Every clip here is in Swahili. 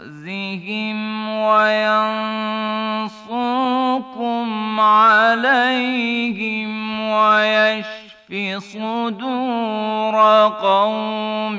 يُخْزِهِمْ وينصركم عليهم ويشف صدور قوم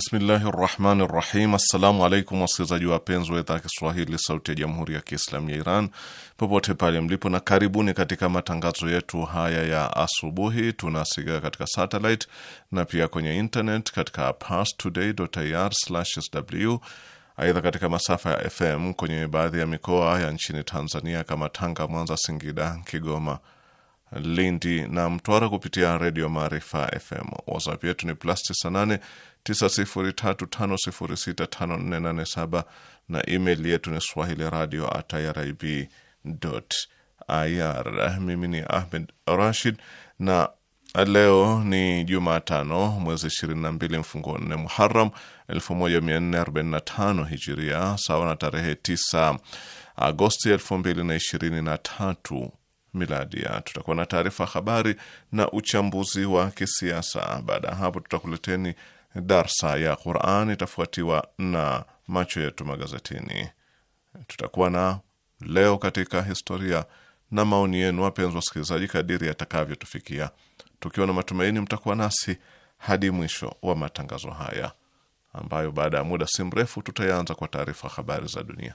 Bismillahi rahmani rahim. Assalamu alaikum wasikilizaji wapenzi wa idhaa ya Kiswahili sauti ya jamhuri ya Kiislamu ya Iran popote pale mlipo, na karibuni katika matangazo yetu haya ya asubuhi. Tunasikika katika satellite na pia kwenye internet katika parstoday.ir/sw. Aidha, katika masafa ya FM kwenye baadhi ya mikoa ya nchini Tanzania kama Tanga, Mwanza, Singida, Kigoma, Lindi na Mtwara kupitia redio Maarifa FM. WhatsApp yetu ni plus 98 903565487 na email yetu ni swahili radio at irib ir. Mimi ni Ahmed Rashid na leo ni Jumatano mwezi 22 mfungo nne Muharam tano Hijiria sawa na tarehe 9 Agosti 2023 miladia. Tutakuwa na taarifa habari na uchambuzi wa kisiasa. Baada ya hapo, tutakuleteni darsa ya Quran itafuatiwa na macho yetu magazetini. Tutakuwa na leo katika historia na maoni yenu, wapenzi wasikilizaji, kadiri yatakavyotufikia, tukiwa na matumaini mtakuwa nasi hadi mwisho wa matangazo haya ambayo baada ya muda si mrefu tutaanza kwa taarifa habari za dunia.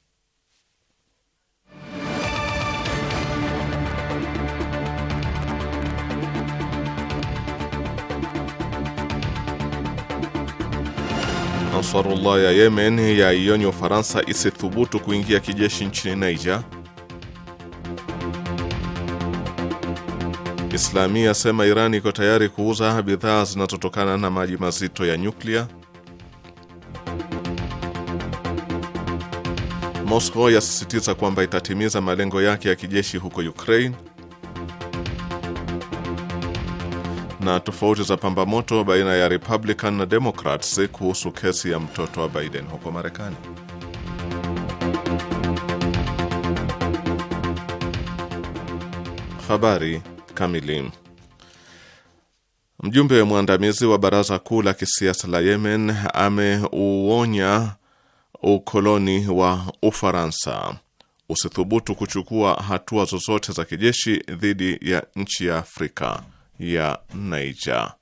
Ansarullah ya Yemen ya ionyo Ufaransa isithubutu kuingia kijeshi nchini Niger. Islamia yasema Iran iko tayari kuuza bidhaa zinazotokana na maji mazito ya nyuklia. Moscow yasisitiza kwamba itatimiza malengo yake ya kijeshi huko Ukraine. na tofauti za pambamoto baina ya Republican na Democrats kuhusu kesi ya mtoto wa Biden huko Marekani. Habari kamili. Mjumbe mwandamizi wa baraza kuu la kisiasa la Yemen ameuonya ukoloni wa Ufaransa usithubutu kuchukua hatua zozote za kijeshi dhidi ya nchi ya Afrika ya Niger.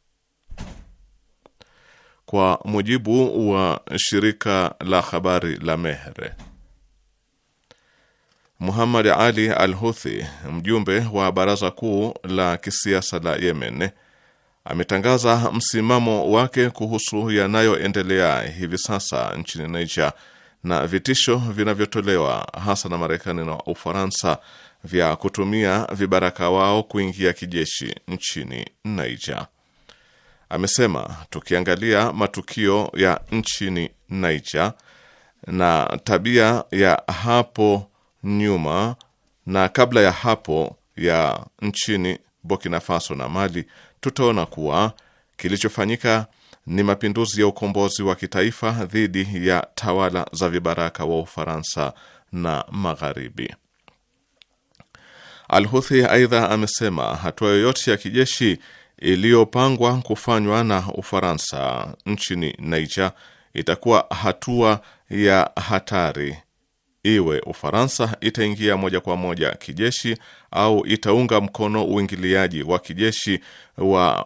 Kwa mujibu wa shirika la habari la Mehre, Muhammad Ali Al-Houthi, mjumbe wa baraza kuu la kisiasa la Yemen, ametangaza msimamo wake kuhusu yanayoendelea hivi sasa nchini Niger na vitisho vinavyotolewa hasa na Marekani na Ufaransa vya kutumia vibaraka wao kuingia kijeshi nchini Niger. Amesema tukiangalia matukio ya nchini Niger na tabia ya hapo nyuma na kabla ya hapo ya nchini Burkina Faso na Mali, tutaona kuwa kilichofanyika ni mapinduzi ya ukombozi wa kitaifa dhidi ya tawala za vibaraka wa Ufaransa na Magharibi. Alhuthi aidha amesema hatua yoyote ya kijeshi iliyopangwa kufanywa na Ufaransa nchini Niger itakuwa hatua ya hatari, iwe Ufaransa itaingia moja kwa moja kijeshi au itaunga mkono uingiliaji wa kijeshi wa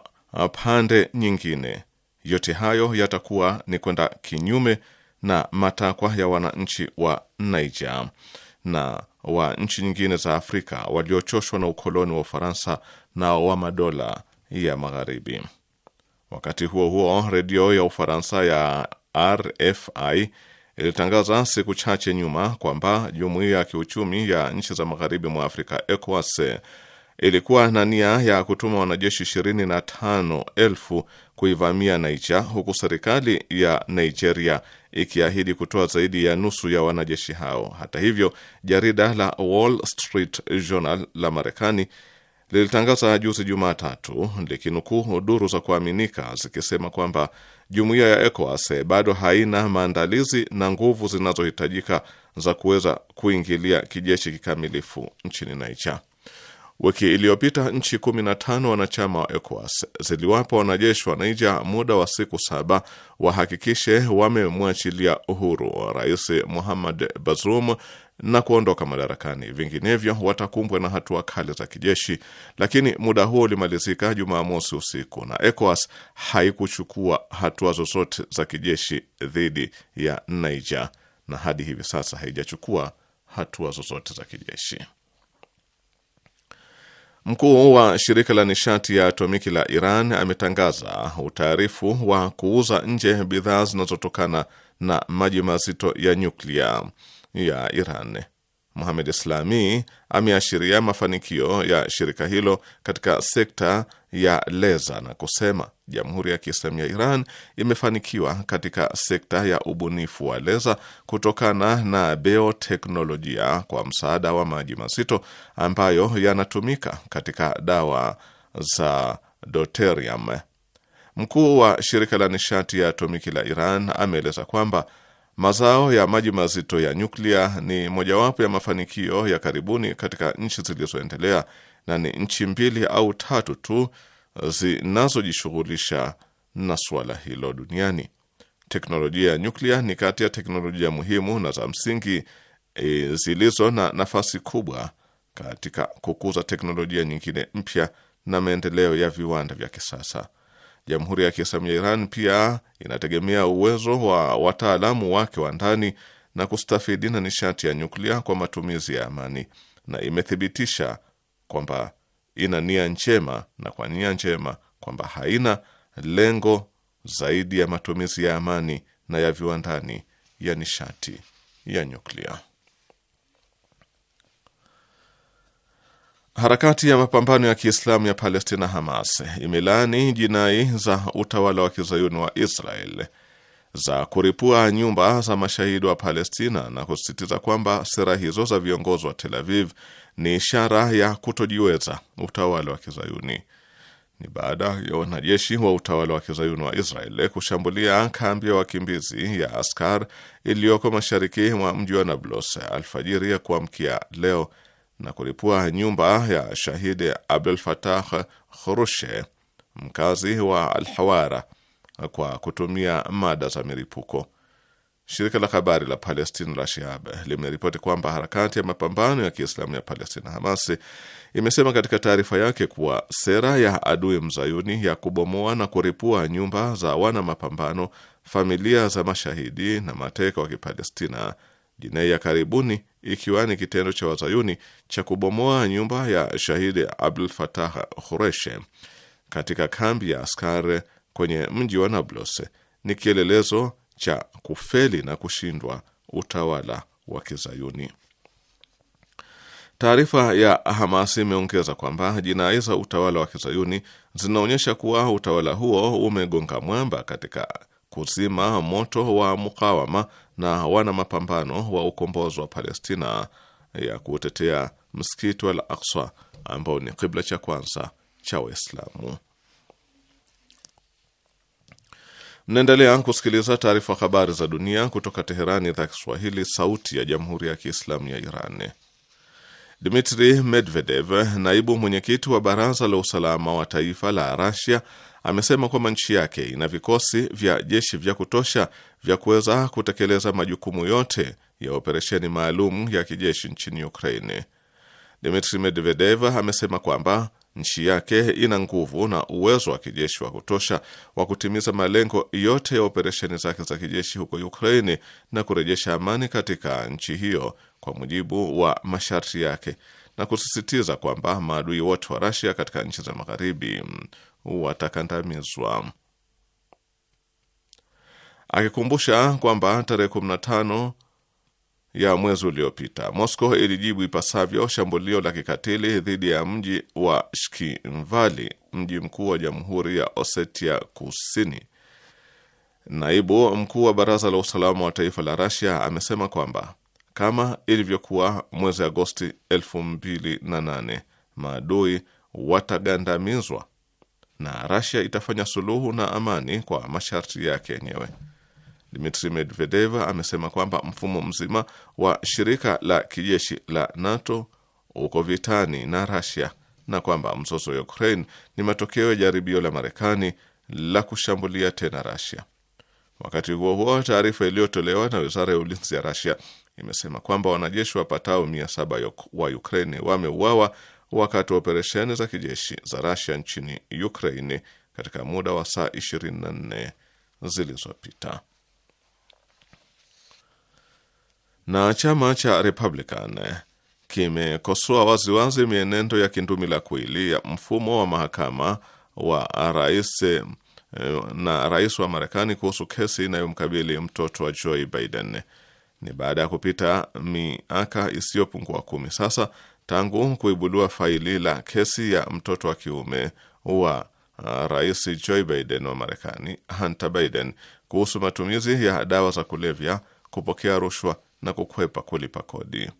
pande nyingine. Yote hayo yatakuwa ni kwenda kinyume na matakwa ya wananchi wa Niger na wa nchi nyingine za Afrika waliochoshwa na ukoloni wa Ufaransa na wa madola ya Magharibi. Wakati huo huo, redio ya Ufaransa ya RFI ilitangaza siku chache nyuma kwamba jumuiya ya kiuchumi ya nchi za magharibi mwa Afrika, ECOWAS, ilikuwa na nia ya kutuma wanajeshi ishirini na tano kuivamia Niger, huku serikali ya Nigeria ikiahidi kutoa zaidi ya nusu ya wanajeshi hao. Hata hivyo, jarida la Wall Street Journal la Marekani lilitangaza juzi Jumatatu likinukuu duru za kuaminika zikisema kwamba jumuiya ya ECOWAS bado haina maandalizi na nguvu zinazohitajika za kuweza kuingilia kijeshi kikamilifu nchini Niger. Wiki iliyopita nchi 15 wanachama wa ECOWAS ziliwapa wanajeshi wa Niger muda wa siku saba wahakikishe wamemwachilia uhuru Rais muhamad Bazoum na kuondoka madarakani, vinginevyo watakumbwa na hatua kali za kijeshi. Lakini muda huo ulimalizika Jumamosi usiku na ECOWAS haikuchukua hatua zozote za kijeshi dhidi ya Niger na hadi hivi sasa haijachukua hatua zozote za kijeshi. Mkuu wa shirika la nishati ya atomiki la Iran ametangaza utaarifu wa kuuza nje bidhaa zinazotokana na maji mazito ya nyuklia ya Iran. Muhamed Islami ameashiria mafanikio ya shirika hilo katika sekta ya leza na kusema Jamhuri ya Kiislamu ya Iran imefanikiwa katika sekta ya ubunifu wa leza kutokana na bioteknolojia kwa msaada wa maji mazito ambayo yanatumika katika dawa za doterium Mkuu wa shirika la nishati ya atomiki la Iran ameeleza kwamba mazao ya maji mazito ya nyuklia ni mojawapo ya mafanikio ya karibuni katika nchi zilizoendelea na ni nchi mbili au tatu tu zinazojishughulisha na suala hilo duniani. Teknolojia ya nyuklia ni kati ya teknolojia muhimu na za msingi e, zilizo na nafasi kubwa katika kukuza teknolojia nyingine mpya na maendeleo ya viwanda vya kisasa. Jamhuri ya Kiislamu ya Iran pia inategemea uwezo wa wataalamu wake wa ndani na kustafidi na nishati ya nyuklia kwa matumizi ya amani, na imethibitisha kwamba ina nia njema, na kwa nia njema kwamba haina lengo zaidi ya matumizi ya amani na ya viwandani ya nishati ya nyuklia. Harakati ya mapambano ya Kiislamu ya Palestina, Hamas, imelaani jinai za utawala wa kizayuni wa Israel za kuripua nyumba za mashahidi wa Palestina na kusisitiza kwamba sera hizo za viongozi wa Tel Aviv ni ishara ya kutojiweza utawala wa Kizayuni. Ni baada ya wanajeshi wa utawala wa Kizayuni wa israel kushambulia kambi ya wakimbizi ya Askar iliyoko mashariki mwa mji wa Nablus alfajiri ya kuamkia leo na kulipua nyumba ya shahidi Abdul Fatah Khurushe, mkazi wa Alhawara, kwa kutumia mada za milipuko. Shirika la habari la Palestina la Shihab limeripoti kwamba harakati ya mapambano ya Kiislamu ya Palestina Hamasi imesema katika taarifa yake kuwa sera ya adui mzayuni ya kubomoa na kuripua nyumba za wana mapambano, familia za mashahidi na mateka wa Kipalestina, jinai ya karibuni ikiwa ni kitendo cha wazayuni cha kubomoa nyumba ya shahidi Abdul Fatah Hureshe katika kambi ya askari kwenye mji wa Nablus ni kielelezo cha kufeli na kushindwa utawala wa Kizayuni. Taarifa ya Hamas imeongeza kwamba jinai za utawala wa Kizayuni zinaonyesha kuwa utawala huo umegonga mwamba katika kuzima moto wa mukawama na wana mapambano wa ukombozi wa Palestina ya kutetea msikiti wa Al-Aqsa ambao ni kibla cha kwanza cha Waislamu. Mnaendelea kusikiliza taarifa habari za dunia kutoka Teherani, idhaa Kiswahili, sauti ya jamhuri ya kiislamu ya Iran. Dmitri Medvedev, naibu mwenyekiti wa baraza la usalama wa taifa la Rasia, amesema kwamba nchi yake ina vikosi vya jeshi vya kutosha vya kuweza kutekeleza majukumu yote ya operesheni maalum ya kijeshi nchini Ukraine. Dmitri Medvedev amesema kwamba Nchi yake ina nguvu na uwezo wa kijeshi wa kutosha wa kutimiza malengo yote ya operesheni zake za kijeshi huko Ukraini na kurejesha amani katika nchi hiyo kwa mujibu wa masharti yake, na kusisitiza kwamba maadui wote wa Rasia katika nchi za magharibi watakandamizwa, akikumbusha kwamba tarehe tano ya mwezi uliopita, Moscow ilijibu ipasavyo shambulio la kikatili dhidi ya mji wa Shkimvali, mji mkuu wa Jamhuri ya Osetia Kusini. Naibu mkuu wa Baraza la Usalama wa Taifa la rasia amesema kwamba kama ilivyokuwa mwezi Agosti 2008 maadui watagandamizwa na rasia itafanya suluhu na amani kwa masharti yake yenyewe. Dmitri Medvedev amesema kwamba mfumo mzima wa shirika la kijeshi la NATO uko vitani na Russia na kwamba mzozo wa Ukraine ni matokeo ya jaribio la Marekani la kushambulia tena Russia. Wakati huo huo, taarifa iliyotolewa na wizara ya ulinzi ya Russia imesema kwamba wanajeshi wapatao mia saba wa Ukraine wameuawa wakati wa operesheni za kijeshi za Russia nchini Ukraine katika muda wa saa 24 zilizopita. na chama cha Republican kimekosoa waziwazi mienendo ya kindumi la kuili ya mfumo wa mahakama wa rais eh, na rais wa Marekani kuhusu kesi inayomkabili mtoto wa Joe Biden. Ni baada ya kupita miaka isiyopungua kumi sasa tangu kuibuliwa faili la kesi ya mtoto wa kiume wa eh, rais Joe Biden wa Marekani, Hunter Biden, kuhusu matumizi ya dawa za kulevya, kupokea rushwa na kukwepa kulipa kodi.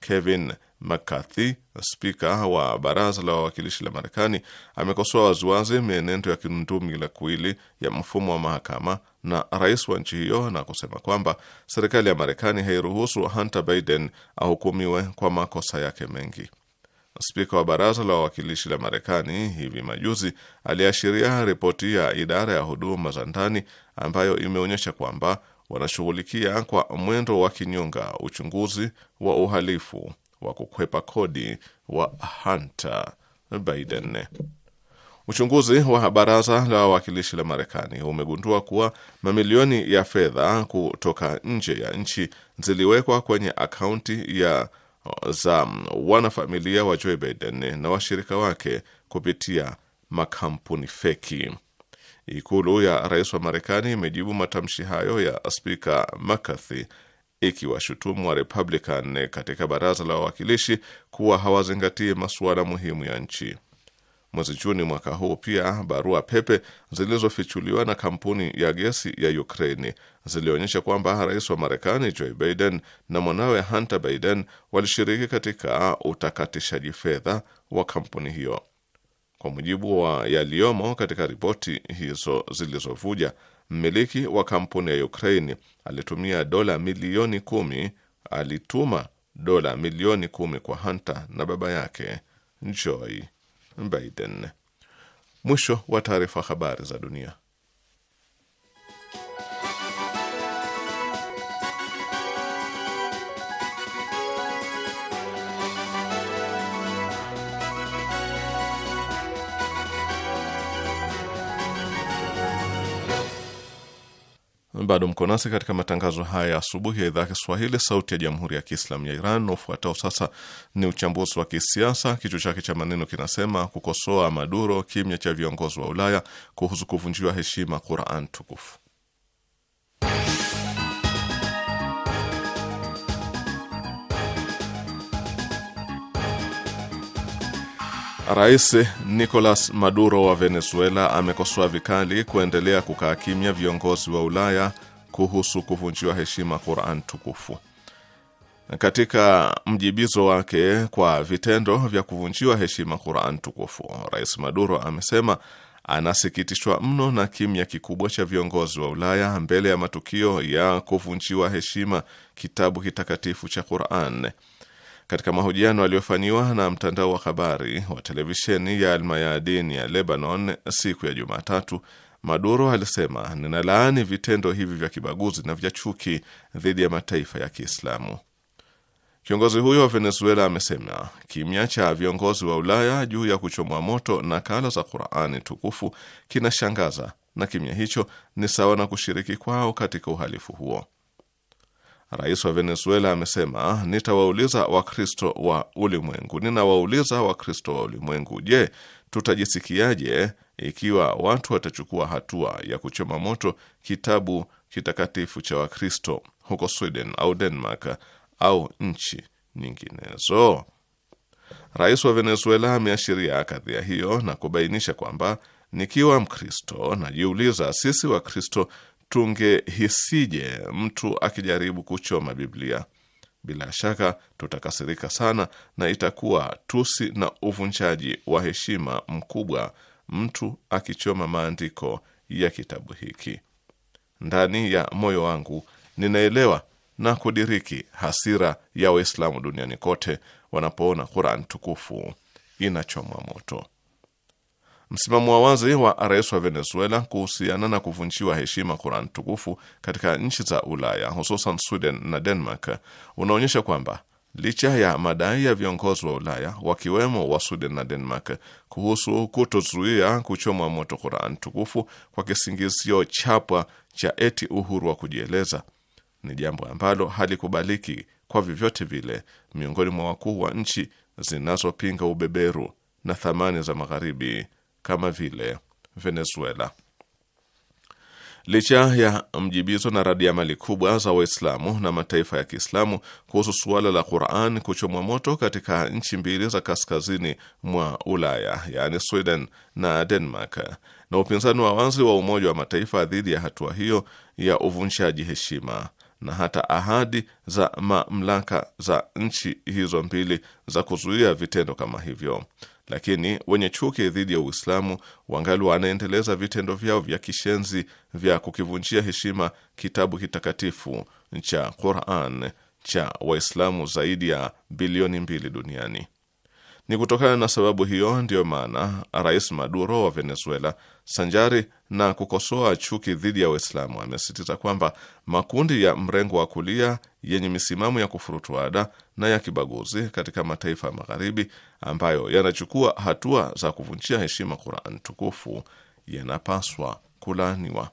Kevin McCarthy, spika wa baraza la wawakilishi la Marekani, amekosoa waziwazi mienendo ya kindumi la kuili ya mfumo wa mahakama na rais wa nchi hiyo na kusema kwamba serikali ya Marekani hairuhusu Hunter Biden ahukumiwe kwa makosa yake mengi. Spika wa baraza la wawakilishi la Marekani hivi majuzi aliashiria ripoti ya idara ya huduma za ndani ambayo imeonyesha kwamba wanashughulikia kwa mwendo wa kinyonga uchunguzi wa uhalifu wa kukwepa kodi wa Hunter Biden. Uchunguzi wa baraza la wawakilishi la Marekani umegundua kuwa mamilioni ya fedha kutoka nje ya nchi ziliwekwa kwenye akaunti ya za wanafamilia wa Joe Biden na washirika wake kupitia makampuni feki. Ikulu ya rais wa Marekani imejibu matamshi hayo ya spika McCarthy ikiwashutumu wa Republican katika baraza la wawakilishi kuwa hawazingatii masuala muhimu ya nchi. Mwezi Juni mwaka huu pia, barua pepe zilizofichuliwa na kampuni ya gesi ya Ukraini zilionyesha kwamba rais wa Marekani Joe Biden na mwanawe Hunter Biden walishiriki katika utakatishaji fedha wa kampuni hiyo. Kwa mujibu wa yaliyomo katika ripoti hizo zilizovuja, mmiliki wa kampuni ya Ukraine alitumia dola milioni kumi, alituma dola milioni kumi kwa Hunter na baba yake Joe Biden. Mwisho wa taarifa. Habari za dunia. Bado mko nasi katika matangazo haya ya asubuhi ya idhaa ya Kiswahili, sauti ya jamhuri ya kiislamu ya Iran. Na ufuatao sasa ni uchambuzi wa kisiasa, kichwa chake cha maneno kinasema kukosoa Maduro, kimya cha viongozi wa Ulaya kuhusu kuvunjiwa heshima Quran tukufu. Rais Nicolas Maduro wa Venezuela amekosoa vikali kuendelea kukaa kimya viongozi wa Ulaya kuhusu kuvunjiwa heshima Quran tukufu. Katika mjibizo wake kwa vitendo vya kuvunjiwa heshima Quran tukufu, Rais Maduro amesema anasikitishwa mno na kimya kikubwa cha viongozi wa Ulaya mbele ya matukio ya kuvunjiwa heshima kitabu kitakatifu cha Quran. Katika mahojiano aliyofanyiwa na mtandao wa habari wa televisheni ya Almayadin ya Lebanon siku ya Jumatatu, Maduro alisema, ninalaani vitendo hivi vya kibaguzi na vya chuki dhidi ya mataifa ya Kiislamu. Kiongozi huyo wa Venezuela amesema kimya cha viongozi wa Ulaya juu ya kuchomwa moto nakala za Qurani tukufu kinashangaza na kimya hicho ni sawa na kushiriki kwao katika uhalifu huo. Rais wa Venezuela amesema, nitawauliza Wakristo wa ulimwengu, ninawauliza Wakristo wa ulimwengu, je, tutajisikiaje ikiwa watu watachukua hatua ya kuchoma moto kitabu kitakatifu cha Wakristo huko Sweden au Denmark au nchi nyinginezo? Rais wa Venezuela ameashiria kadhia hiyo na kubainisha kwamba nikiwa Mkristo najiuliza, sisi Wakristo tungehisije mtu akijaribu kuchoma Biblia? Bila shaka tutakasirika sana na itakuwa tusi na uvunjaji wa heshima mkubwa mtu akichoma maandiko ya kitabu hiki. Ndani ya moyo wangu ninaelewa na kudiriki hasira ya Waislamu duniani kote wanapoona Qur'an tukufu inachomwa moto. Msimamo wa wazi wa rais wa Venezuela kuhusiana na kuvunjiwa heshima Quran tukufu katika nchi za Ulaya hususan Sweden na Denmark unaonyesha kwamba licha ya madai ya viongozi wa Ulaya wakiwemo wa Sweden na Denmark kuhusu kutozuia kuchomwa moto Quran tukufu kwa kisingizio chapa cha eti uhuru wa kujieleza, ni jambo ambalo halikubaliki kwa vyovyote vile miongoni mwa wakuu wa nchi zinazopinga ubeberu na thamani za Magharibi kama vile Venezuela. Licha ya mjibizo na mali kubwa za Waislamu na mataifa ya Kiislamu kuhusu suala la Quran kuchomwa moto katika nchi mbili za kaskazini mwa Ulaya, yaani Sweden na Denmark, na upinzani wa wazi wa Umoja wa Mataifa dhidi ya hatua hiyo ya uvunjaji heshima na hata ahadi za mamlaka za nchi hizo mbili za kuzuia vitendo kama hivyo, lakini wenye chuki dhidi ya Uislamu wangali wanaendeleza vitendo vyao vya kishenzi vya kukivunjia heshima kitabu kitakatifu cha Quran cha Waislamu zaidi ya bilioni mbili duniani. Ni kutokana na sababu hiyo ndiyo maana Rais Maduro wa Venezuela, sanjari na kukosoa chuki dhidi ya Waislamu, amesisitiza kwamba makundi ya mrengo wa kulia yenye misimamo ya kufurutuada na ya kibaguzi katika mataifa ya Magharibi ambayo yanachukua hatua za kuvunjia heshima Quran tukufu yanapaswa kulaaniwa.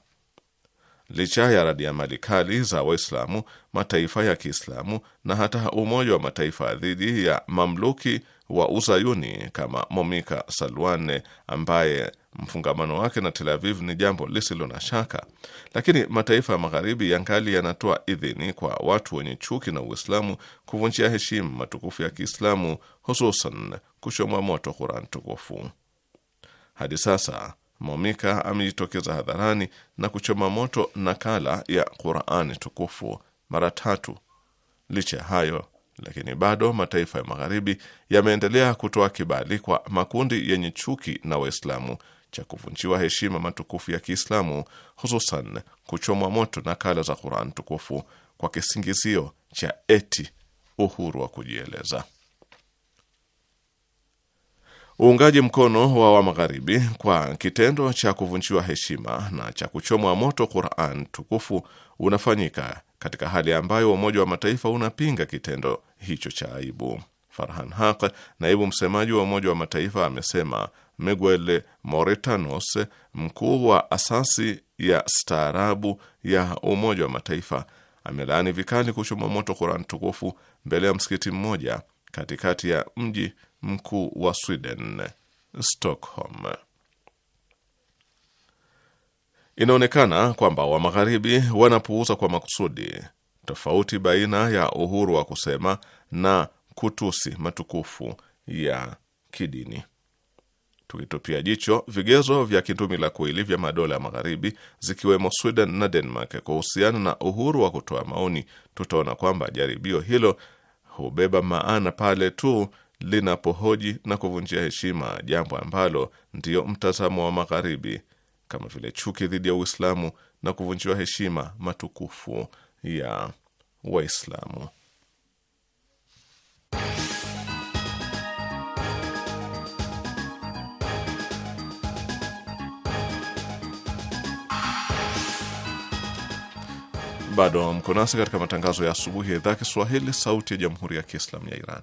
Licha ya mali kali za Waislamu, mataifa ya Kiislamu na hata Umoja wa Mataifa dhidi ya mamluki wa uzayuni kama Momika Salwane ambaye mfungamano wake na Tel Aviv ni jambo lisilo na shaka, lakini mataifa ya magharibi yangali yanatoa idhini kwa watu wenye chuki na Uislamu kuvunjia heshima matukufu ya Kiislamu, hususan kuchoma moto Quran tukufu. Hadi sasa Momika amejitokeza hadharani na kuchoma moto nakala ya Qurani tukufu mara tatu. Licha ya hayo lakini bado mataifa ya Magharibi yameendelea kutoa kibali kwa makundi yenye chuki na Waislamu cha kuvunjiwa heshima matukufu ya Kiislamu, hususan kuchomwa moto nakala za Quran tukufu kwa kisingizio cha eti uhuru wa kujieleza. Uungaji mkono wa wa Magharibi kwa kitendo cha kuvunjiwa heshima na cha kuchomwa moto Quran tukufu unafanyika katika hali ambayo Umoja wa Mataifa unapinga kitendo hicho cha aibu. Farhan Haq, naibu msemaji wa Umoja wa Mataifa, amesema Miguel Moretanos, mkuu wa asasi ya staarabu ya Umoja wa Mataifa, amelaani vikali kuchoma moto Quran tukufu mbele ya msikiti mmoja katikati ya mji mkuu wa Sweden, Stockholm. Inaonekana kwamba wa Magharibi wanapuuza kwa makusudi tofauti baina ya uhuru wa kusema na kutusi matukufu ya kidini. Tukitupia jicho vigezo vya kindumi la kuili vya madola ya Magharibi, zikiwemo Sweden na Denmark, kuhusiana na uhuru wa kutoa maoni, tutaona kwamba jaribio hilo hubeba maana pale tu linapohoji na kuvunjia heshima jambo ambalo ndiyo mtazamo wa Magharibi kama vile chuki dhidi ya Uislamu na kuvunjiwa heshima matukufu ya Waislamu. Bado mko nasi katika matangazo ya asubuhi ya idhaa Kiswahili, sauti ya jamhuri ya kiislamu ya Iran.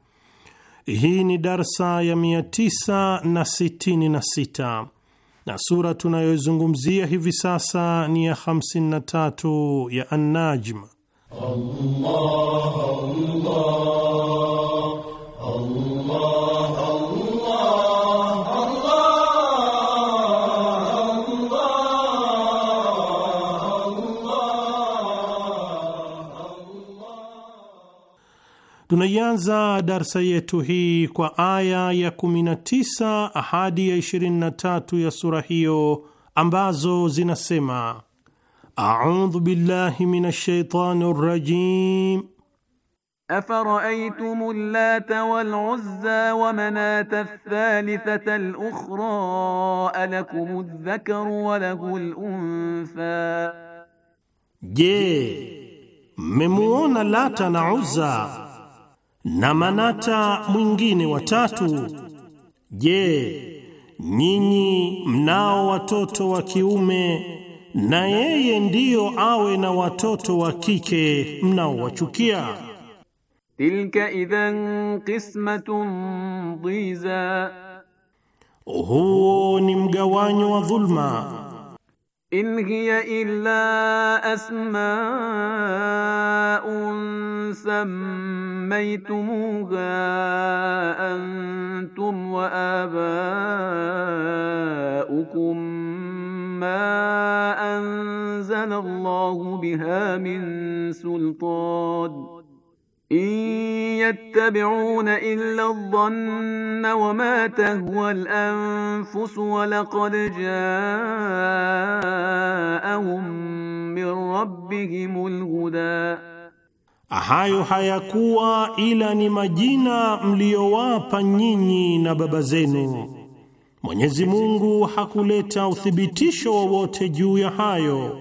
Hii ni darsa ya 966 na sura tunayoizungumzia hivi sasa ni ya 53 ya An-Najm. Allah, Allah. Tunaianza darsa yetu hii kwa aya ya 19 hadi ya 23 ya sura hiyo ambazo zinasema: audhu billahi minash shaitani rrajim afara'aytum llata wal uzza wa manata thalithata al ukhra alakum dhakaru wa lahu Je, mmemuona Lata na Uzza na manata mwingine watatu. Je, nyinyi mnao watoto wa kiume na yeye ndiyo awe na watoto wa kike mnaowachukia? Tilka idhan qismatun dhiza, huo ni mgawanyo wa dhulma. إن هي إلا أسماء سميتموها أنتم وآباؤكم ما أنزل الله بها من سلطان يتبعون إلا الظن وما تهوى الأنفس ولقد جاءهم من ربهم الهدى Hayo hayakuwa ila ni majina mliyowapa nyinyi na baba zenu. Mwenyezi Mungu hakuleta uthibitisho wowote juu ya hayo,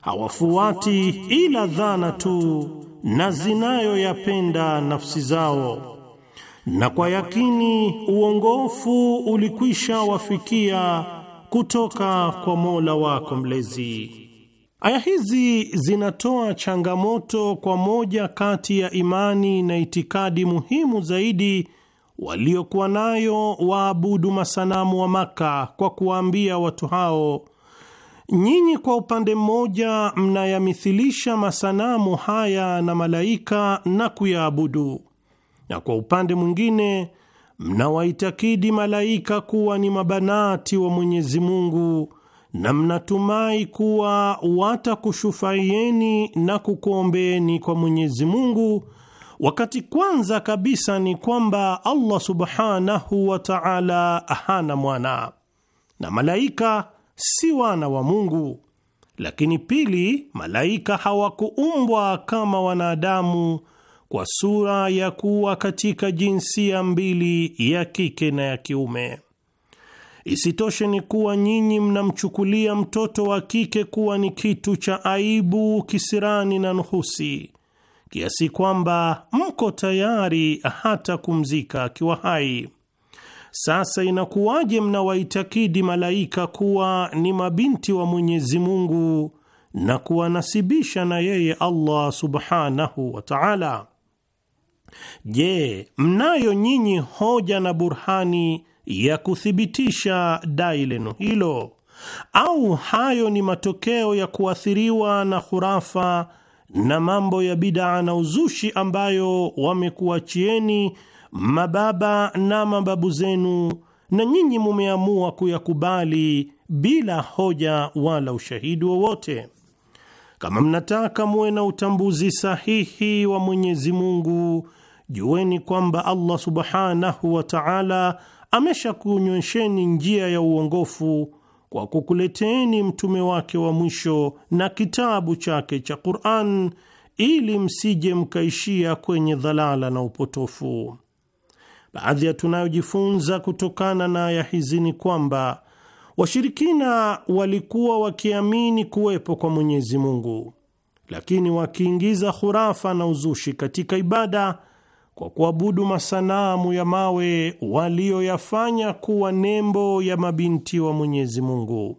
hawafuati ila dhana tu na zinayoyapenda nafsi zao, na kwa yakini uongofu ulikwisha wafikia kutoka kwa Mola wako mlezi. Aya hizi zinatoa changamoto kwa moja kati ya imani na itikadi muhimu zaidi waliokuwa nayo waabudu masanamu wa Maka kwa kuwaambia watu hao Nyinyi kwa upande mmoja mnayamithilisha masanamu haya na malaika na kuyaabudu, na kwa upande mwingine mnawaitakidi malaika kuwa ni mabanati wa Mwenyezi Mungu na mnatumai kuwa watakushufaieni na kukuombeeni kwa Mwenyezi Mungu, wakati kwanza kabisa ni kwamba Allah subhanahu wa ta'ala hana mwana na malaika si wana wa Mungu. Lakini pili, malaika hawakuumbwa kama wanadamu kwa sura ya kuwa katika jinsia mbili ya kike na ya kiume. Isitoshe ni kuwa nyinyi mnamchukulia mtoto wa kike kuwa ni kitu cha aibu, kisirani na nuhusi, kiasi kwamba mko tayari hata kumzika akiwa hai. Sasa inakuwaje mnawaitakidi malaika kuwa ni mabinti wa Mwenyezi Mungu na kuwanasibisha na yeye Allah subhanahu wa ta'ala? Je, mnayo nyinyi hoja na burhani ya kuthibitisha dai lenu hilo, au hayo ni matokeo ya kuathiriwa na khurafa na mambo ya bidaa na uzushi ambayo wamekuachieni mababa na mababu zenu, na nyinyi mumeamua kuyakubali bila hoja wala ushahidi wowote. Kama mnataka muwe na utambuzi sahihi wa Mwenyezi Mungu, jueni kwamba Allah subhanahu wa ta'ala ameshakunywesheni njia ya uongofu kwa kukuleteeni mtume wake wa mwisho na kitabu chake cha Qur'an ili msije mkaishia kwenye dhalala na upotofu. Baadhi ya tunayojifunza kutokana na aya hizi ni kwamba washirikina walikuwa wakiamini kuwepo kwa Mwenyezi Mungu, lakini wakiingiza khurafa na uzushi katika ibada kwa kuabudu masanamu ya mawe waliyoyafanya kuwa nembo ya mabinti wa Mwenyezi Mungu.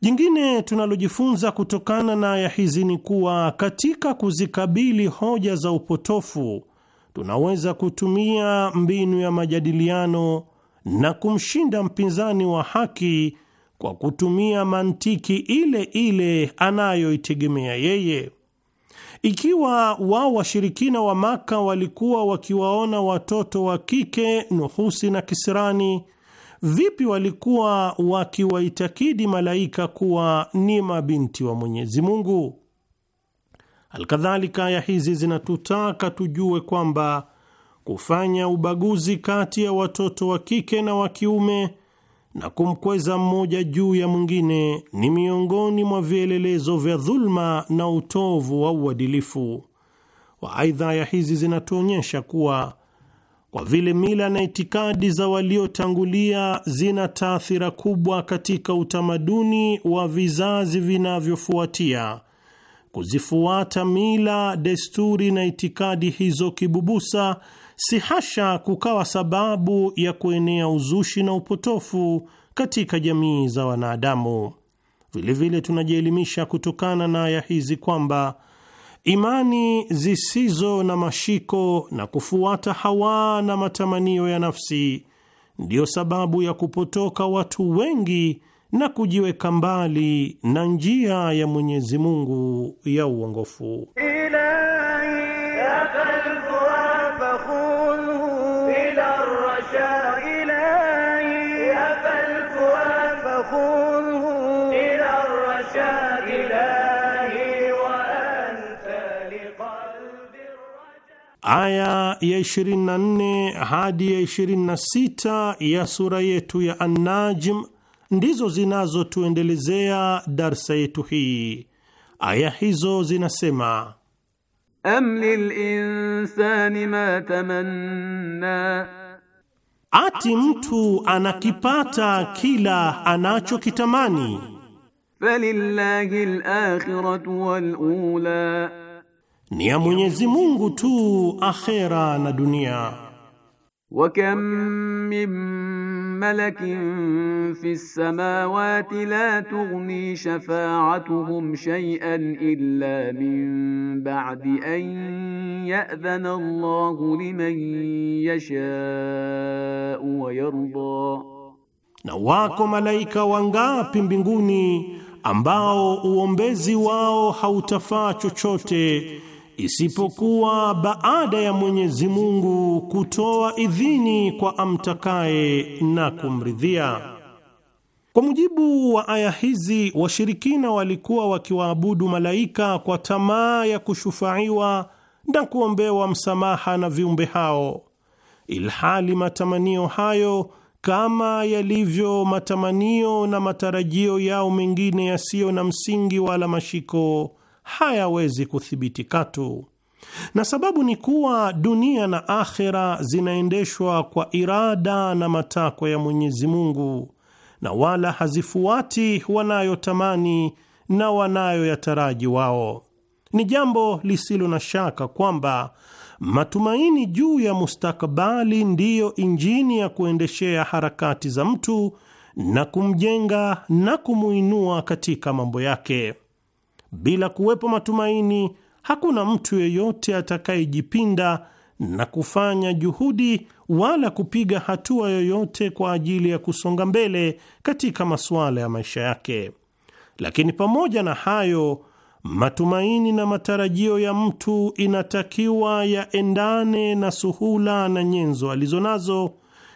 Jingine tunalojifunza kutokana na aya hizi ni kuwa katika kuzikabili hoja za upotofu tunaweza kutumia mbinu ya majadiliano na kumshinda mpinzani wa haki kwa kutumia mantiki ile ile anayoitegemea yeye. Ikiwa wao washirikina wa Maka walikuwa wakiwaona watoto wa kike Nuhusi na Kisirani, vipi walikuwa wakiwaitakidi malaika kuwa ni mabinti wa Mwenyezi Mungu? Alkadhalika, aya hizi zinatutaka tujue kwamba kufanya ubaguzi kati ya watoto wa kike na wa kiume na kumkweza mmoja juu ya mwingine ni miongoni mwa vielelezo vya dhulma na utovu wa uadilifu wa. Aidha, aya hizi zinatuonyesha kuwa kwa vile mila na itikadi za waliotangulia zina taathira kubwa katika utamaduni wa vizazi vinavyofuatia Kuzifuata mila, desturi na itikadi hizo kibubusa, si hasha kukawa sababu ya kuenea uzushi na upotofu katika jamii za wanadamu. Vilevile tunajielimisha kutokana na aya hizi kwamba imani zisizo na mashiko na kufuata hawa na matamanio ya nafsi ndiyo sababu ya kupotoka watu wengi na kujiweka mbali na njia ya Mwenyezi Mungu ya uongofu. Aya ya 24 hadi ya 26 ya sura yetu ya An-Najm ndizo zinazotuendelezea darsa yetu hii. Aya hizo zinasema: am lilinsani ma tamanna, ati mtu anakipata kila anachokitamani. Falillahi alakhiratu walula, ni ya Mwenyezi Mungu tu akhera na dunia. Wakam min malakin fi samawati la tughni shafa'atuhum shay'an illa min ba'di an ya'dhana Allahu liman yasha'u wa yarda, na wako malaika wangapi mbinguni ambao uombezi wao hautafaa chochote isipokuwa baada ya Mwenyezi Mungu kutoa idhini kwa amtakaye na kumridhia. Kwa mujibu wa aya hizi, washirikina walikuwa wakiwaabudu malaika kwa tamaa ya kushufaiwa na kuombewa msamaha na viumbe hao, ilhali matamanio hayo kama yalivyo matamanio na matarajio yao mengine yasiyo na msingi wala mashiko hayawezi kuthibiti katu, na sababu ni kuwa dunia na akhera zinaendeshwa kwa irada na matakwa ya Mwenyezi Mungu na wala hazifuati wanayotamani na wanayoyataraji wao. Ni jambo lisilo na shaka kwamba matumaini juu ya mustakabali ndiyo injini ya kuendeshea harakati za mtu na kumjenga na kumuinua katika mambo yake bila kuwepo matumaini, hakuna mtu yeyote atakayejipinda na kufanya juhudi wala kupiga hatua yoyote kwa ajili ya kusonga mbele katika masuala ya maisha yake. Lakini pamoja na hayo, matumaini na matarajio ya mtu inatakiwa yaendane na suhula na nyenzo alizo nazo,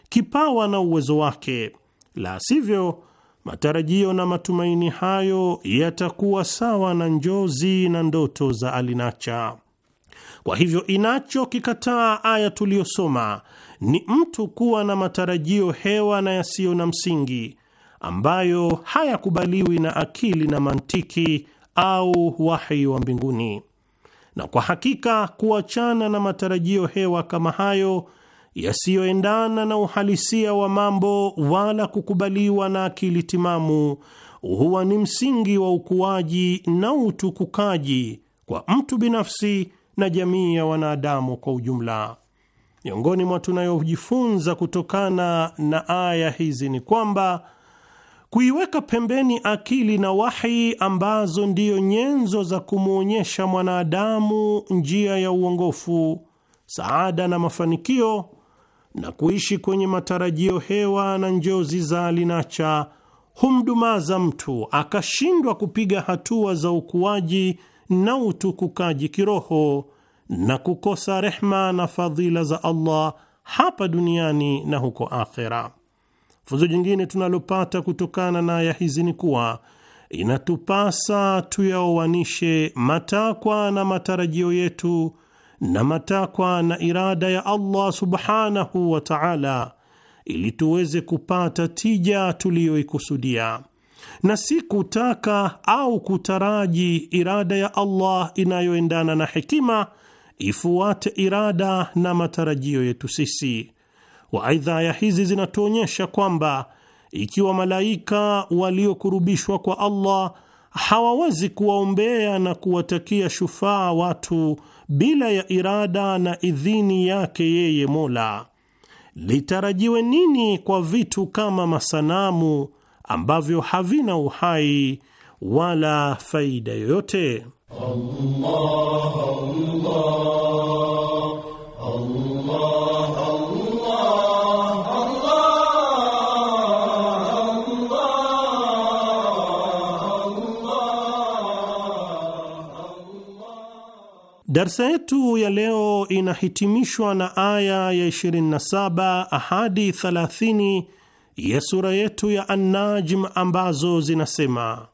kipawa na uwezo wake, la sivyo Matarajio na matumaini hayo yatakuwa sawa na njozi na ndoto za alinacha. Kwa hivyo, inachokikataa aya tuliyosoma ni mtu kuwa na matarajio hewa na yasiyo na msingi ambayo hayakubaliwi na akili na mantiki au wahi wa mbinguni, na kwa hakika kuachana na matarajio hewa kama hayo yasiyoendana na uhalisia wa mambo wala kukubaliwa na akili timamu huwa ni msingi wa ukuaji na utukukaji kwa mtu binafsi na jamii ya wanadamu kwa ujumla. Miongoni mwa tunayojifunza kutokana na aya hizi ni kwamba kuiweka pembeni akili na wahi ambazo ndiyo nyenzo za kumwonyesha mwanadamu njia ya uongofu, saada na mafanikio na kuishi kwenye matarajio hewa na njozi za alinacha humdumaza mtu akashindwa kupiga hatua za ukuaji na utukukaji kiroho na kukosa rehma na fadhila za Allah hapa duniani na huko akhera. Funzo jingine tunalopata kutokana na aya hizi ni kuwa inatupasa tuyaoanishe matakwa na matarajio yetu na matakwa na irada ya Allah subhanahu wa ta'ala, ili tuweze kupata tija tuliyoikusudia na si kutaka au kutaraji irada ya Allah inayoendana na hekima ifuate irada na matarajio yetu sisi. aidha, ya hizi zinatuonyesha kwamba ikiwa malaika waliokurubishwa kwa Allah hawawezi kuwaombea na kuwatakia shufaa watu bila ya irada na idhini yake yeye Mola, litarajiwe nini kwa vitu kama masanamu ambavyo havina uhai wala faida yoyote? Allah, Allah. Darsa yetu ya leo inahitimishwa na aya ya 27 hadi 30 ya sura yetu ya An-Najm ambazo zinasema: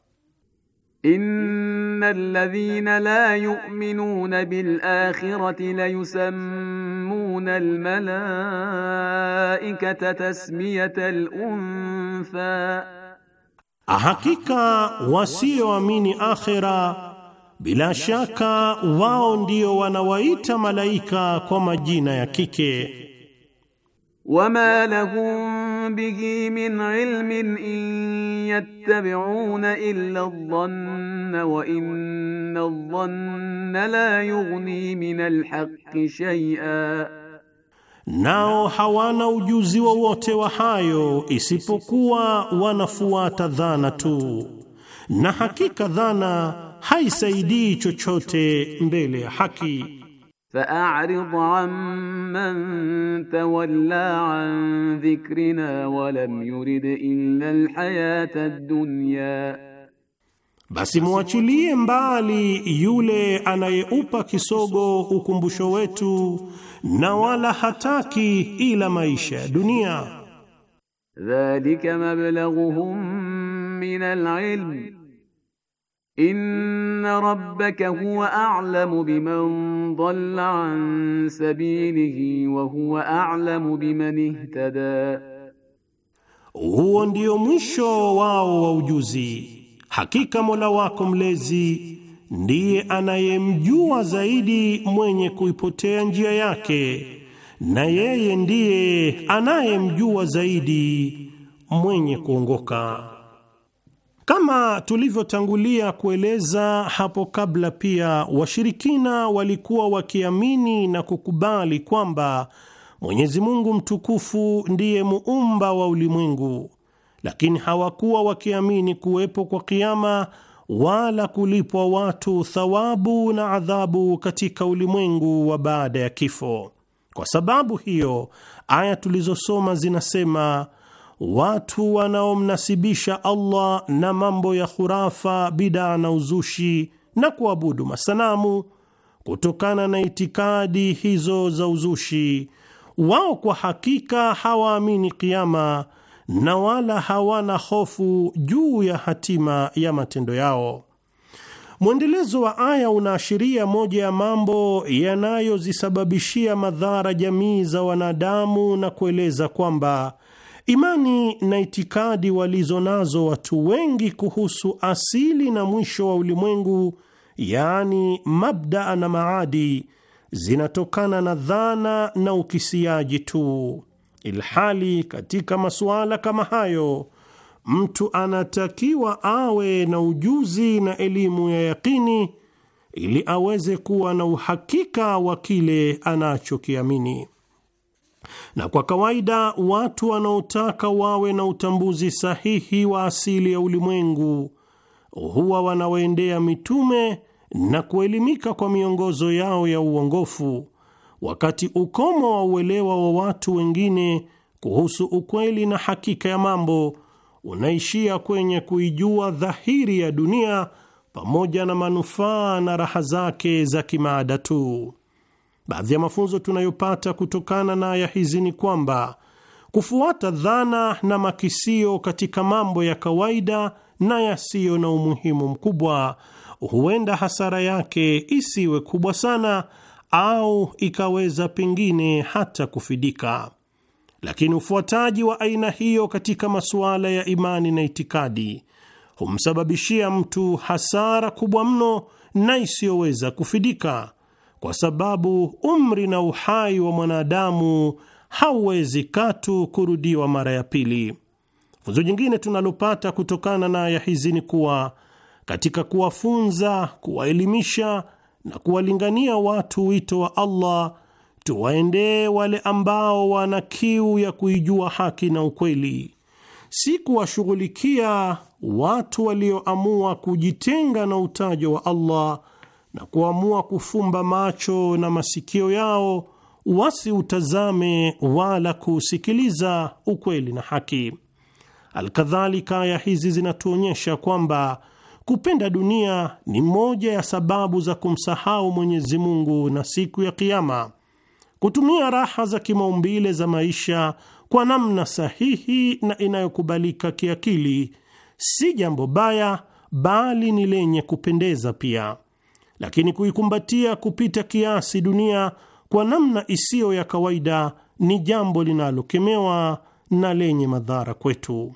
Innal ladhina la yu'minuna bil akhirati la yusammuna al malaikata tasmiyata al untha, hakika wasioamini akhira Bila shaka wao ndio wanawaita malaika kwa majina ya kike. Wama lahum bihi min ilmin in yattabi'una illa dhanna wa inna dhanna la yughni min al shay'a, nao hawana ujuzi wowote wa, wa hayo isipokuwa wanafuata dhana tu, na hakika dhana haisaidii chochote mbele ya haki. Fa'arid amman tawalla an dhikrina wa lam yurid illa alhayata ad-dunya, basi muachilie mbali yule anayeupa kisogo ukumbusho wetu na wala hataki ila maisha ya dunia. Dhalika mablaghuhum min Inna rabbaka huwa a'lamu biman dhalla an sabilihi wa huwa a'lamu biman ihtada. Huo ndio mwisho wao wa ujuzi. Hakika Mola wako mlezi ndiye anayemjua zaidi mwenye kuipotea njia yake, na yeye ndiye anayemjua zaidi mwenye kuongoka. Kama tulivyotangulia kueleza hapo kabla, pia washirikina walikuwa wakiamini na kukubali kwamba Mwenyezi Mungu mtukufu ndiye muumba wa ulimwengu, lakini hawakuwa wakiamini kuwepo kwa kiama wala kulipwa watu thawabu na adhabu katika ulimwengu wa baada ya kifo. Kwa sababu hiyo, aya tulizosoma zinasema watu wanaomnasibisha Allah na mambo ya khurafa, bidaa na uzushi na kuabudu masanamu. Kutokana na itikadi hizo za uzushi, wao kwa hakika hawaamini kiama na wala hawana hofu juu ya hatima ya matendo yao. Mwendelezo wa aya unaashiria moja ya mambo yanayozisababishia madhara jamii za wanadamu na kueleza kwamba Imani na itikadi walizo nazo watu wengi kuhusu asili na mwisho wa ulimwengu, yaani mabda na maadi, zinatokana na dhana na ukisiaji tu, ilhali katika masuala kama hayo mtu anatakiwa awe na ujuzi na elimu ya yakini ili aweze kuwa na uhakika wa kile anachokiamini. Na kwa kawaida watu wanaotaka wawe na utambuzi sahihi wa asili ya ulimwengu huwa wanawaendea mitume na kuelimika kwa miongozo yao ya uongofu, wakati ukomo wa uelewa wa watu wengine kuhusu ukweli na hakika ya mambo unaishia kwenye kuijua dhahiri ya dunia pamoja na manufaa na raha zake za kimaada tu. Baadhi ya mafunzo tunayopata kutokana na aya hizi ni kwamba kufuata dhana na makisio katika mambo ya kawaida na yasiyo na umuhimu mkubwa, huenda hasara yake isiwe kubwa sana au ikaweza pengine hata kufidika. Lakini ufuataji wa aina hiyo katika masuala ya imani na itikadi humsababishia mtu hasara kubwa mno na isiyoweza kufidika kwa sababu umri na uhai wa mwanadamu hauwezi katu kurudiwa mara ya pili. Funzo jingine tunalopata kutokana na aya hizi ni kuwa katika kuwafunza, kuwaelimisha na kuwalingania watu wito wa Allah, tuwaendee wale ambao wana kiu ya kuijua haki na ukweli, si kuwashughulikia watu walioamua kujitenga na utajo wa Allah na kuamua kufumba macho na masikio yao wasiutazame wala kuusikiliza ukweli na haki. Alkadhalika, aya hizi zinatuonyesha kwamba kupenda dunia ni moja ya sababu za kumsahau Mwenyezi Mungu na siku ya Kiama. Kutumia raha za kimaumbile za maisha kwa namna sahihi na inayokubalika kiakili si jambo baya, bali ni lenye kupendeza pia lakini kuikumbatia kupita kiasi dunia kwa namna isiyo ya kawaida ni jambo linalokemewa na lenye madhara kwetu.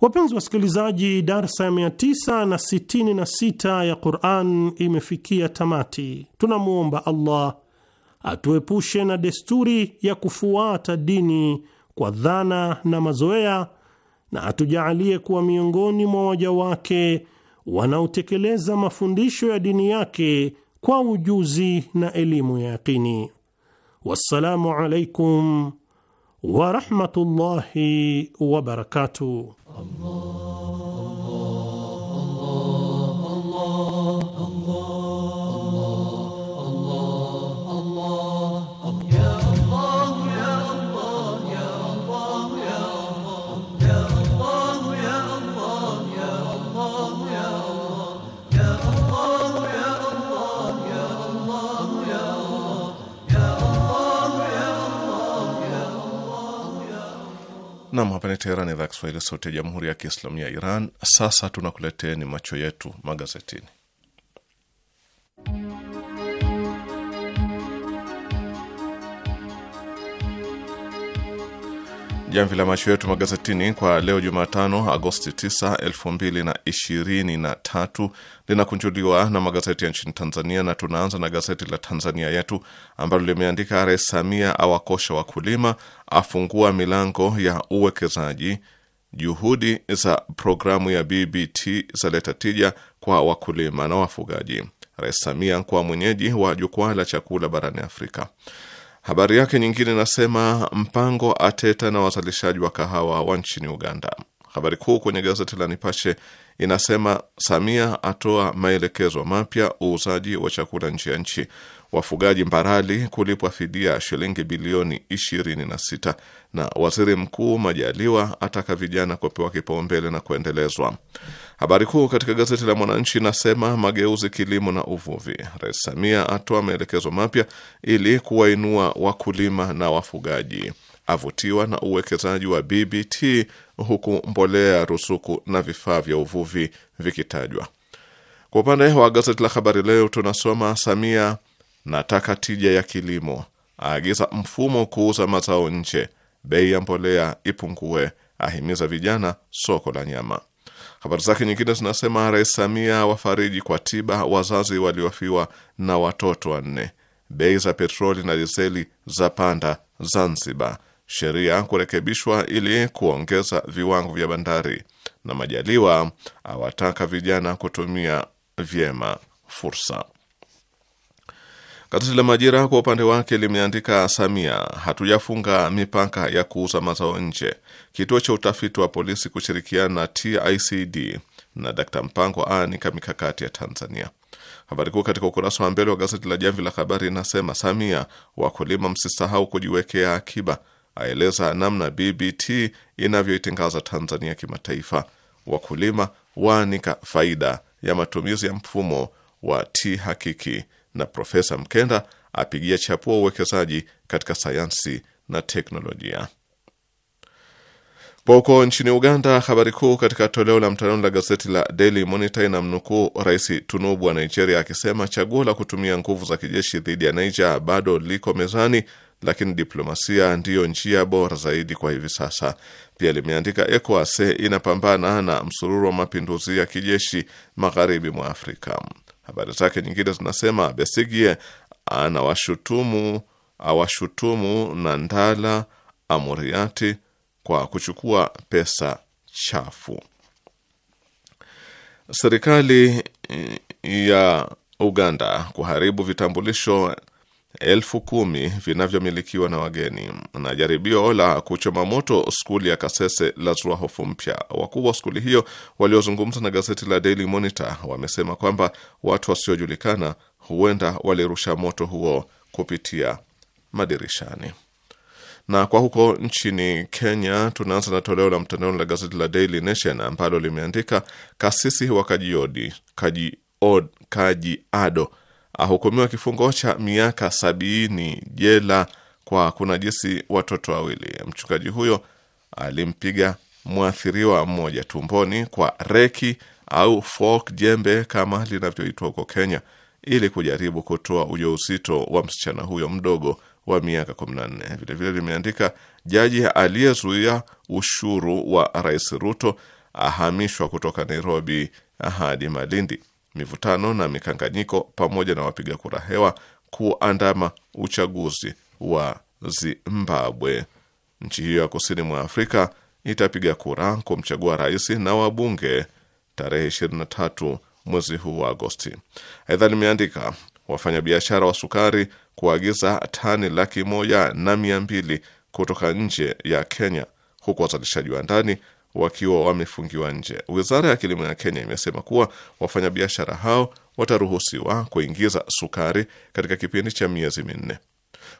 Wapenzi wasikilizaji, darsa ya 966 ya Quran imefikia tamati. Tunamwomba Allah atuepushe na desturi ya kufuata dini kwa dhana na mazoea, na atujaalie kuwa miongoni mwa waja wake wanaotekeleza mafundisho ya dini yake kwa ujuzi na elimu ya yaqini. Wassalamu alaikum warahmatullahi wabarakatuh. Nam, hapa ni Teherani, idhaa Kiswahili, sauti ya jamhuri ya kiislamu ya Iran. Sasa tunakuleteeni macho yetu magazetini. jamvi la macho yetu magazetini kwa leo Jumatano, Agosti 9, 2023 linakunjuliwa na magazeti ya nchini Tanzania, na tunaanza na gazeti la Tanzania Yetu ambalo limeandika Rais Samia awakosha wakulima, afungua milango ya uwekezaji, juhudi za programu ya BBT za leta tija kwa wakulima na wafugaji. Rais Samia kwa mwenyeji wa jukwaa la chakula barani Afrika. Habari yake nyingine inasema Mpango ateta na wazalishaji wa kahawa wa nchini Uganda. Habari kuu kwenye gazeti la Nipashe inasema Samia atoa maelekezo mapya uuzaji wa chakula nje ya nchi. Wafugaji Mbarali kulipwa fidia shilingi bilioni 26, na waziri mkuu Majaliwa ataka vijana kupewa kipaumbele na kuendelezwa. Habari kuu katika gazeti la Mwananchi inasema mageuzi kilimo na uvuvi, Rais Samia atoa maelekezo mapya ili kuwainua wakulima na wafugaji, avutiwa na uwekezaji wa BBT huku mbolea, rusuku na vifaa vya uvuvi vikitajwa. Kwa upande wa gazeti la Habari Leo tunasoma Samia nataka tija ya kilimo, aagiza mfumo kuuza mazao nje, bei ya mbolea ipungue, ahimiza vijana soko la nyama. Habari zake nyingine zinasema Rais Samia wafariji kwa tiba wazazi waliofiwa na watoto wanne. Bei za petroli na dizeli za panda Zanzibar. Sheria kurekebishwa ili kuongeza viwango vya bandari. Na Majaliwa awataka vijana kutumia vyema fursa. Gazeti la Majira kwa upande wake limeandika Samia, hatujafunga mipaka ya kuuza mazao nje Kituo cha utafiti wa polisi kushirikiana na TICD na d Mpango aanika mikakati ya Tanzania. Habari kuu katika ukurasa wa mbele wa gazeti la Jamvi la Habari inasema Samia, wakulima msisahau kujiwekea akiba, aeleza namna BBT inavyoitangaza Tanzania kimataifa. Wakulima waanika faida ya matumizi ya mfumo wa T hakiki, na Profesa Mkenda apigia chapua uwekezaji katika sayansi na teknolojia. Kwa huko nchini Uganda, habari kuu katika toleo la mtandao la gazeti la Daily Monitor inamnukuu Rais Tinubu wa Nigeria akisema chaguo la kutumia nguvu za kijeshi dhidi ya Niger bado liko mezani, lakini diplomasia ndiyo njia bora zaidi kwa hivi sasa. Pia limeandika ECOWAS inapambana na msururu wa mapinduzi ya kijeshi magharibi mwa Afrika. Habari zake nyingine zinasema Besigye anawashutumu awashutumu Nandala Amuriati kwa kuchukua pesa chafu. Serikali eh, ya Uganda kuharibu vitambulisho elfu kumi vinavyomilikiwa na wageni, na jaribio la kuchoma moto skuli ya Kasese la zua hofu mpya. Wakuu wa skuli hiyo waliozungumza na gazeti la Daily Monitor wamesema kwamba watu wasiojulikana huenda walirusha moto huo kupitia madirishani. Na kwa huko nchini Kenya, tunaanza na toleo la mtandaoni la gazeti la Daily Nation ambalo limeandika kasisi wa Kajiodi, Kaji Kajiado ahukumiwa kifungo cha miaka sabini jela kwa kunajisi watoto wawili. Mchungaji huyo alimpiga mwathiriwa mmoja tumboni kwa reki au fork jembe kama linavyoitwa huko Kenya, ili kujaribu kutoa ujauzito wa msichana huyo mdogo wa miaka 14. Vilevile limeandika jaji aliyezuia ushuru wa Rais Ruto ahamishwa kutoka Nairobi hadi Malindi. Mivutano na mikanganyiko pamoja na wapiga kura hewa kuandama uchaguzi wa Zimbabwe. Nchi hiyo ya kusini mwa Afrika itapiga kura kumchagua rais na wabunge tarehe 23 mwezi huu wa Agosti. Aidha limeandika wafanyabiashara wa sukari kuagiza tani laki moja na mia mbili kutoka nje ya Kenya, huku wazalishaji wa ndani wakiwa wamefungiwa nje. Wizara ya kilimo ya Kenya imesema kuwa wafanyabiashara hao wataruhusiwa kuingiza sukari katika kipindi cha miezi minne.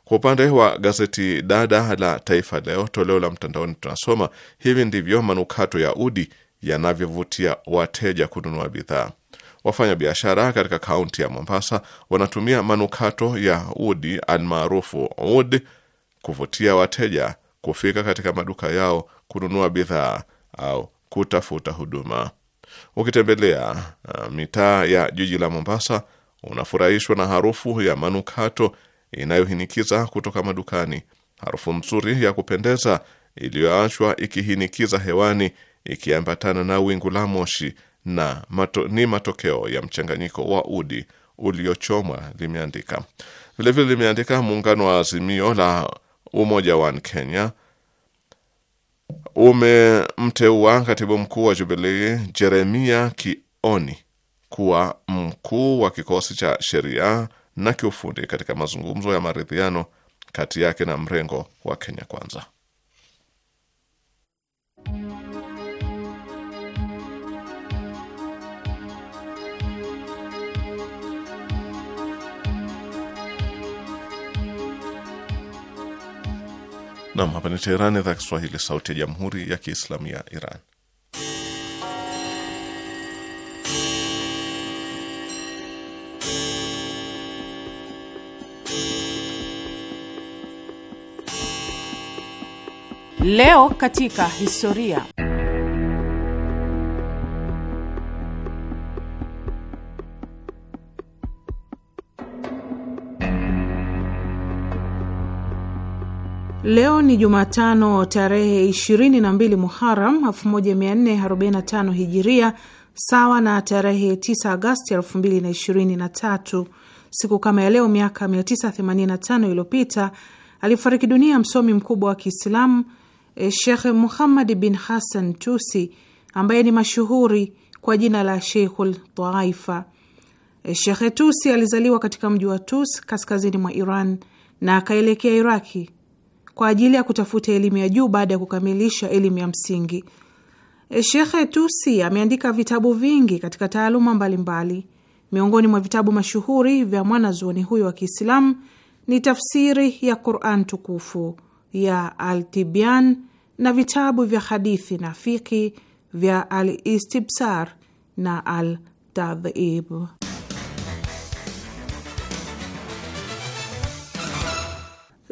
Kwa upande wa gazeti dada la Taifa Leo toleo la mtandaoni, tunasoma hivi ndivyo manukato ya udi yanavyovutia wateja kununua bidhaa. Wafanyabiashara katika kaunti ya Mombasa wanatumia manukato ya udi almaarufu ud kuvutia wateja kufika katika maduka yao kununua bidhaa au kutafuta huduma. Ukitembelea uh, mitaa ya jiji la Mombasa unafurahishwa na harufu ya manukato inayohinikiza kutoka madukani, harufu nzuri ya kupendeza iliyoachwa ikihinikiza hewani ikiambatana na wingu la moshi na mato, ni matokeo ya mchanganyiko wa udi uliochomwa, limeandika vilevile. Limeandika muungano wa Azimio la Umoja wa Kenya umemteua katibu mkuu wa Jubilii Jeremia Kioni kuwa mkuu wa kikosi cha sheria na kiufundi katika mazungumzo ya maridhiano kati yake na mrengo wa Kenya Kwanza. Nam, hapa ni Teheran, idhaa ya Kiswahili, sauti ya jamhuri ya kiislamu ya Iran. Leo katika historia Leo ni Jumatano tarehe 22 Muharam 1445 Hijiria, sawa na tarehe 9 Agasti 2023. Siku kama ya leo miaka 985 iliyopita alifariki dunia msomi mkubwa wa Kiislamu eh, Shekh Muhammad bin Hassan Tusi ambaye ni mashuhuri kwa jina la Sheikhul Taifa. Eh, Shekhe Tusi alizaliwa katika mji wa Tus kaskazini mwa Iran na akaelekea Iraki kwa ajili ya kutafuta elimu ya juu baada ya kukamilisha elimu ya msingi. E, Shekhe Tusi ameandika vitabu vingi katika taaluma mbalimbali mbali. Miongoni mwa vitabu mashuhuri vya mwanazuoni huyo wa Kiislamu ni tafsiri ya Quran tukufu ya al tibian na vitabu vya hadithi na fiki vya Al-Istibsar na Al-Tadhib.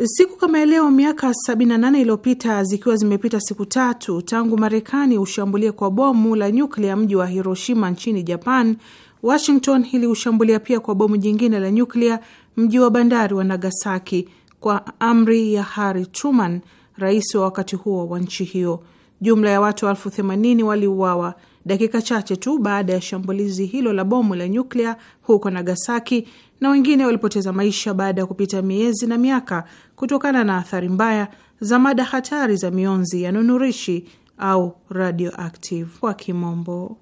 Siku kama leo miaka 78 iliyopita, zikiwa zimepita siku tatu tangu Marekani ushambulie kwa bomu la nyuklia mji wa Hiroshima nchini Japan, Washington iliushambulia pia kwa bomu jingine la nyuklia mji wa bandari wa Nagasaki kwa amri ya Harry Truman, rais wa wakati huo wa nchi hiyo. Jumla ya watu elfu themanini waliuawa dakika chache tu baada ya shambulizi hilo la bomu la nyuklia huko Nagasaki na wengine walipoteza maisha baada ya kupita miezi na miaka kutokana na athari mbaya za mada hatari za mionzi ya nunurishi au radioactive kwa kimombo.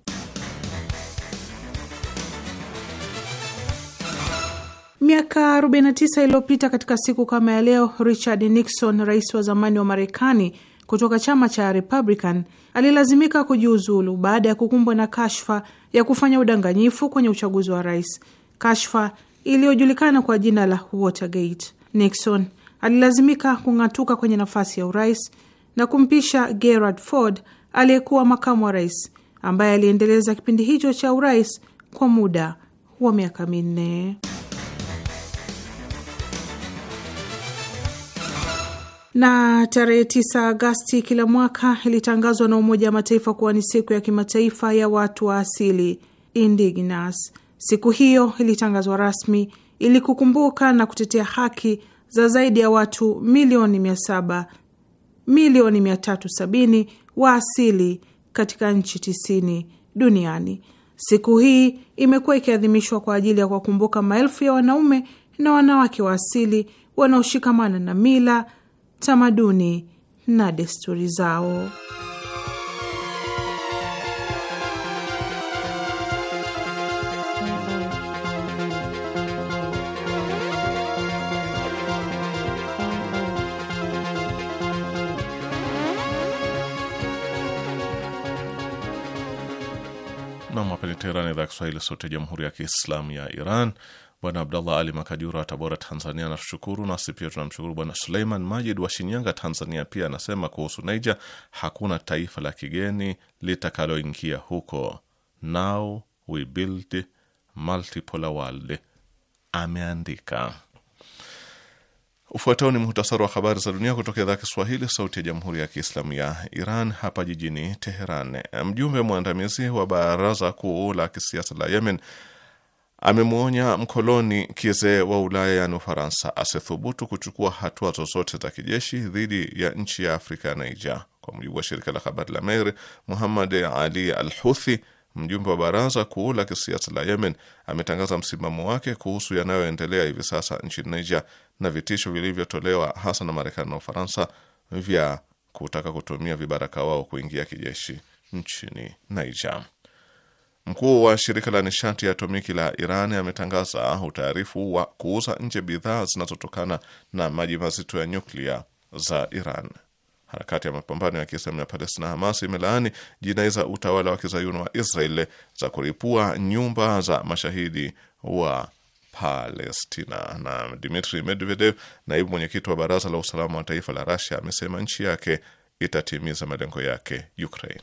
Miaka 49 iliyopita katika siku kama ya leo, Richard Nixon, rais wa zamani wa Marekani kutoka chama cha Republican, alilazimika kujiuzulu baada ya kukumbwa na kashfa ya kufanya udanganyifu kwenye uchaguzi wa rais, kashfa iliyojulikana kwa jina la Watergate. Nixon alilazimika kung'atuka kwenye nafasi ya urais na kumpisha Gerald Ford aliyekuwa makamu wa rais, ambaye aliendeleza kipindi hicho cha urais kwa muda wa miaka minne. na tarehe 9 Agasti kila mwaka ilitangazwa na Umoja wa Mataifa kuwa ni siku ya kimataifa ya watu wa asili, indigenous. Siku hiyo ilitangazwa rasmi ili kukumbuka na kutetea haki za zaidi ya watu milioni mia saba milioni mia tatu sabini wa asili katika nchi tisini duniani. Siku hii imekuwa ikiadhimishwa kwa ajili ya kuwakumbuka maelfu ya wanaume na wanawake wa asili wanaoshikamana na mila, tamaduni na desturi zao. Teherani, idhaa Kiswahili, sote jamhuri ya kiislamu ya Iran. Bwana Abdallah Ali Makajura wa Tabora, Tanzania anatushukuru, nasi pia tunamshukuru. Bwana Suleiman Majid wa Shinyanga, Tanzania pia anasema kuhusu Niger, hakuna taifa la kigeni litakaloingia huko. Now we build multipolar world, ameandika. Ufuatao ni muhtasari wa habari za dunia kutoka idhaa Kiswahili sauti ya jamhuri ya Kiislamu ya Iran hapa jijini Teheran. Mjumbe mwandamizi wa baraza kuu la kisiasa la Yemen amemwonya mkoloni kizee wa Ulaya yaani Ufaransa asithubutu kuchukua hatua zozote za kijeshi dhidi ya nchi ya Afrika ya Niger. Kwa mujibu wa shirika la habari la Mehr, Muhammad Ali Al Huthi Mjumbe wa baraza kuu la kisiasa la Yemen ametangaza msimamo wake kuhusu yanayoendelea hivi sasa nchini Niger na vitisho vilivyotolewa hasa na Marekani na Ufaransa vya kutaka kutumia vibaraka wao kuingia kijeshi nchini Niger. Mkuu wa shirika la nishati ya atomiki la Iran ametangaza utaarifu wa kuuza nje bidhaa zinazotokana na maji mazito ya nyuklia za Iran. Harakati ya mapambano ya Kiislamu ya Palestina, Hamas, imelaani jinai za utawala wa kizayuni wa Israel za kuripua nyumba za mashahidi wa Palestina. Na Dmitri Medvedev, naibu mwenyekiti wa baraza la usalama wa taifa la Rasia, amesema nchi yake itatimiza malengo yake Ukraine